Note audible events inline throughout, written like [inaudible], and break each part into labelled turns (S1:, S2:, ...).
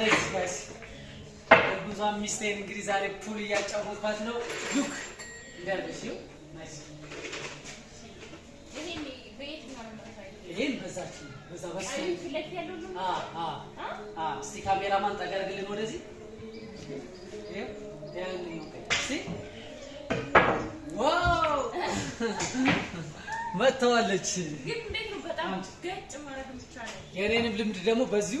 S1: ናይስ ጋይስ ጉዟን ሚስቴን እንግዲህ ዛሬ ፑል እያጫወትኳት ነው። ሉክ እንዳለሽ ናይስ።
S2: ይሄን በዛችሁ በዛ በሱ
S1: እስቲ ካሜራማን ጠጋ አድርግልን ወደዚህ [laughs] መጥተዋለች። የእኔንም ልምድ ደግሞ በዚሁ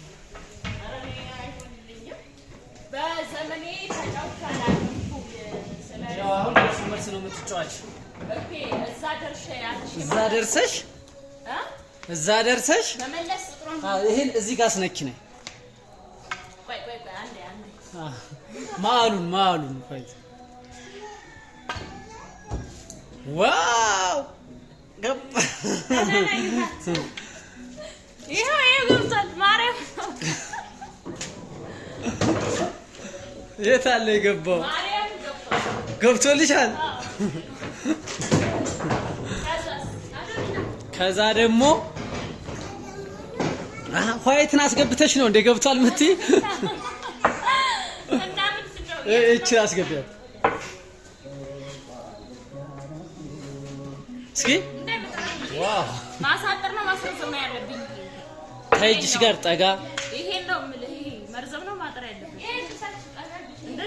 S1: ያው እዛ ደርሰሽ እዛ ደርሰሽ ይሄን እዚህ ጋር አስነኪ ነኝ ማሉን ማሉን ዋው ገባ ይኸው
S2: ይኸው ገብቷል ማርያም
S1: የት አለ የገባው?
S2: ገብቶልሻል።
S1: ከዛ ደግሞ ዋይትን አስገብተሽ ነው እንደ ገብቷል የምትይ እቺን አስገቢያት እስኪ።
S2: ማሳጠር ነው ማስረዘም ያለብኝ።
S1: ተይጅሽ ጋር ጠጋ
S2: ይሄ ነው መርዘም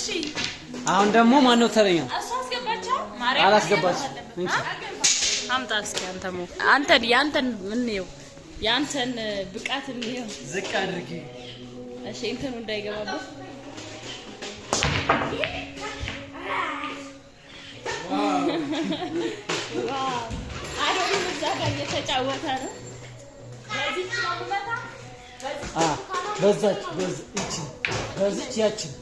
S1: እሺ። አሁን ደግሞ ማን ነው ተረኛ?
S2: አስገባቸው። አምጣ እስኪ አንተ ሞ ያንተን ምን ነው ያንተን ብቃት
S1: ነው ዝቅ አድርጊ።
S2: እሺ እንትኑ እንዳይገባበት እየተጫወተ ነው።
S1: በዛች በዚች ያችን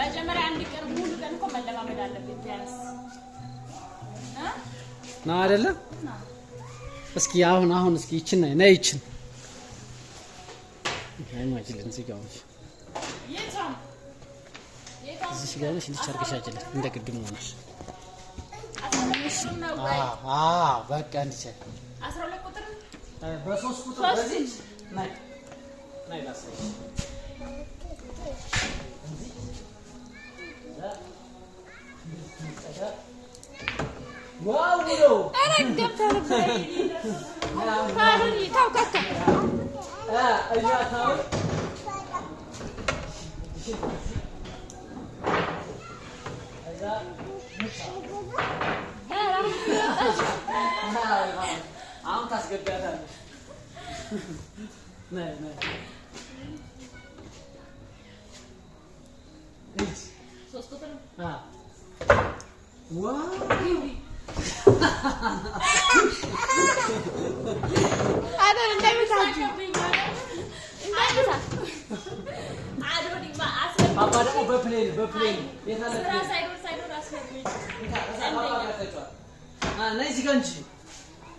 S2: መጀመሪያ አንድ ቀን ሙሉ ቀን
S1: አይደለ? እስኪ አሁን አሁን እስኪ ይችን ነይ ነይ ይችን አይማችልን እዚህ እዚህ ጋር ነሽ እንድቻርገሽ እንደ ቅድም ሆነሽ
S2: አዎ በቃ እንድቻ Agora escuta o Brasil. Não, não tá é graça.
S1: Wow, Nino! não. Não, não. não não.
S2: não não Não,
S1: não Não, não. Não, não አሁን ታስገዳታለሽ። ነይ ነይ አባ እዚህ ጋር እንጂ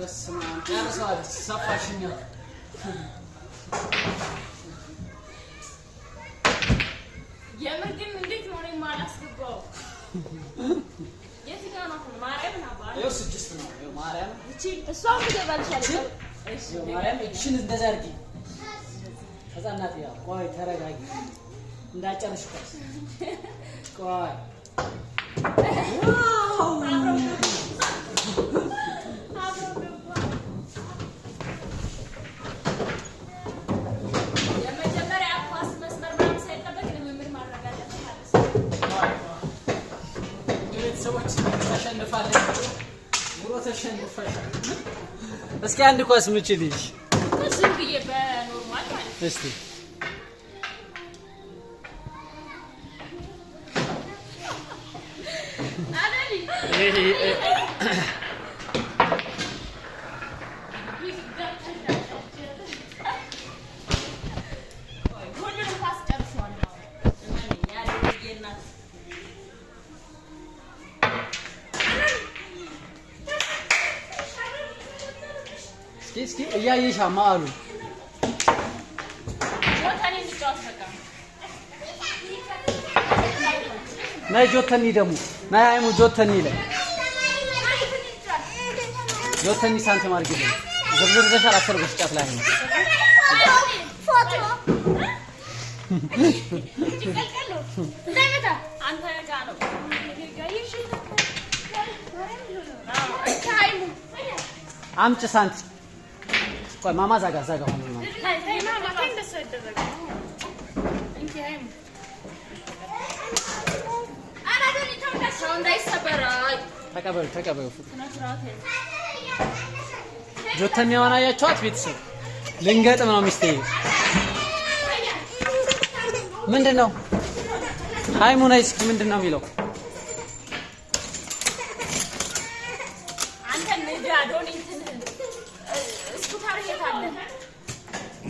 S1: بس يا صالح صفى شنو
S2: የምር ግን እንዴት ነው እኔ የማላስገባው? የትኛው ነው አሁን ማርያም ናባል?
S1: ይኸው ስድስት ነው። ይኸው ማርያም እቺ እሷ
S2: ትገባልሻለች። እሺ
S1: ማርያም እቺን እንደዛ አድርጊ። ከዛ እናት ያው ቆይ ተረጋጊ፣ እንዳጨርሽ ቆይ ቆይ kendi kosmu için iş.
S2: Nasıl diye be normal mi? Nasıl? Hey, hey, [laughs]
S1: መጨረሻ ማሉ ናይ ጆተኒ ደሞ ናይ አይሙ ጆተኒ ለ ጆተኒ ሳንቲም አድርጊ ዝርዝር ዘሻል አስር ጎሽ ላይ ነው አምጭ ሳንቲም ቆይ ማማ ዛጋ ዛጋ ሆነ ነው ተቀበሉ ተቀበሉ። ጆተ የሚሆን አያችኋት ቤተሰብ ልንገጥም ነው ሚስቴ። ምንድን ነው ሃይሙናይስ ምንድን ነው የሚለው?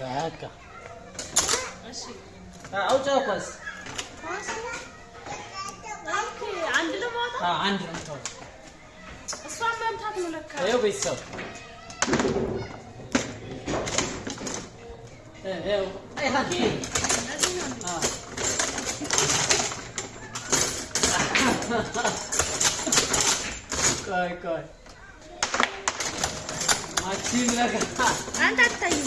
S1: በቃ እሺ። ኳስ አንድ ለማውጣት አንድ ነው።
S2: እሷን መምታት ነው ለካ። ይኸው ቤተሰብ ቆይ ቆይ አንተ አታይም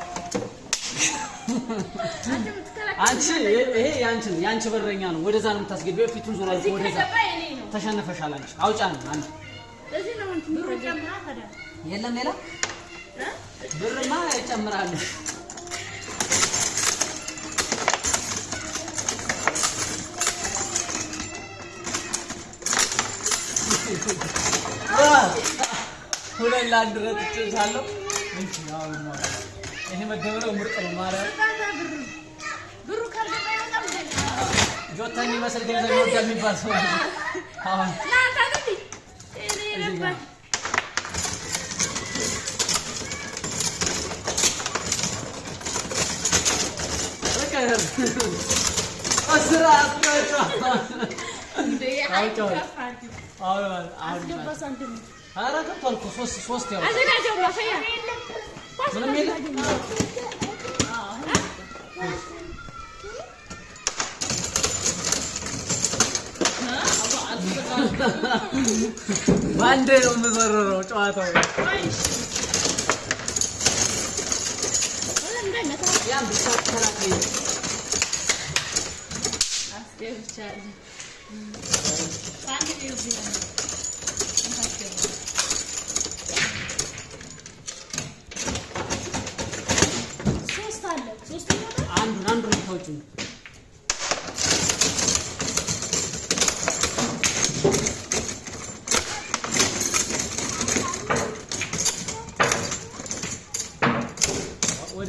S2: አንቺ
S1: ይሄ ያንቺ ነው፣ ያንቺ በረኛ ነው። ወደዛ ነው የምታስገቢው። ፊቱን ዞር አድርጎ ወደዛ። ተሸነፈሻል። አንቺ አውጫ ነው አንቺ። የለም ሌላ ብርማ ይጨምራል። ሁለት ለአንድ ረትቼሻለሁ። ይሄ መደብረው ምርጥ ነው ማለት ጆታ የሚመስል ገንዘብ ይወዳል ምንም የለም ባንዴ ነው የምዘረረው ጨዋታው። ብቻ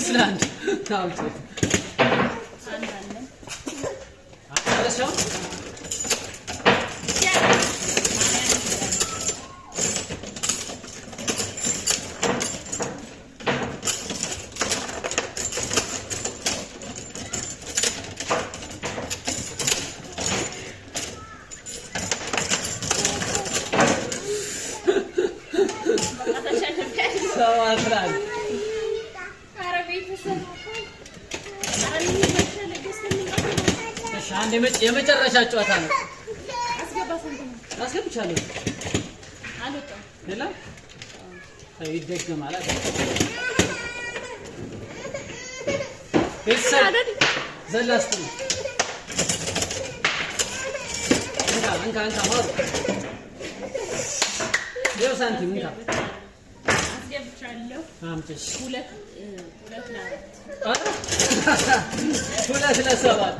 S1: Seslen. [laughs] Tamam çok. Arkadaşım.
S2: Sağ ol Alfred.
S1: የመጨረሻ ጨዋታ ነው። አስገብቻለሁ። የለም ይደገማል። ቤተሰብ ዘላስት ነው። እንካ እንካ ማሩ ሳንቲም እንካ
S2: አስገብቻለሁ። አምጪሽ።
S1: ሁለት ለሰባት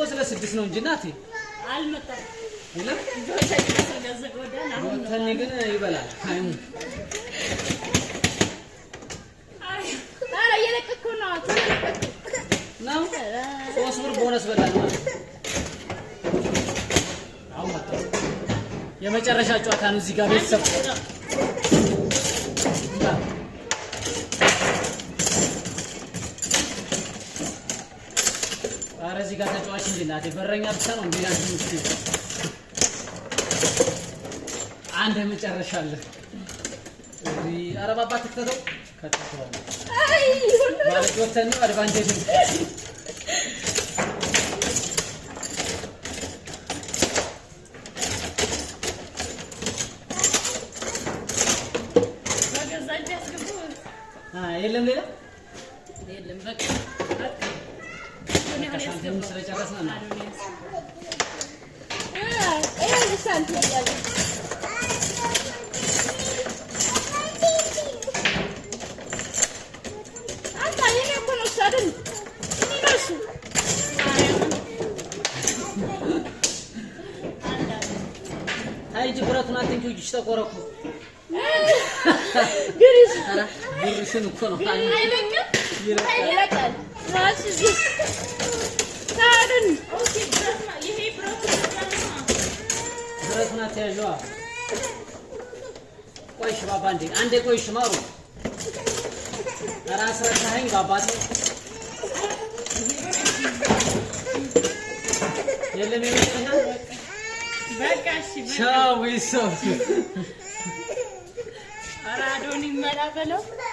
S1: ሶስት ለስድስት ነው እንጂ
S2: እናቴ አልመጣም።
S1: ግን ይበላል። አይሙ ነው ሶስት ብር ቦነስ በላል ማለት የመጨረሻ ጨዋታ ነው እዚህ ጋር ቤተሰብ ኧረ እዚህ ጋር ተጫዋች እንዲናት በረኛ ብቻ ነው እንዲና አንድ የመጨረሻ አለ። ኧረ ባባ ትክተተው ከተተዋል
S2: ማለት ወተን ነው አድቫንቴጅ
S1: የለም ሌላ የለም። በቃ ተቆረኩ
S2: sono qua. Hai vecchio? Hai vecchio? No, si si.
S1: Sarın. Burasına tecrübe. Koy şu babancık. Ande koy şu maru. Aran sıra şahin babası. Yerle mi yapacağım? Bak aşı. Şavi sosu. Aradoni merhaba lo.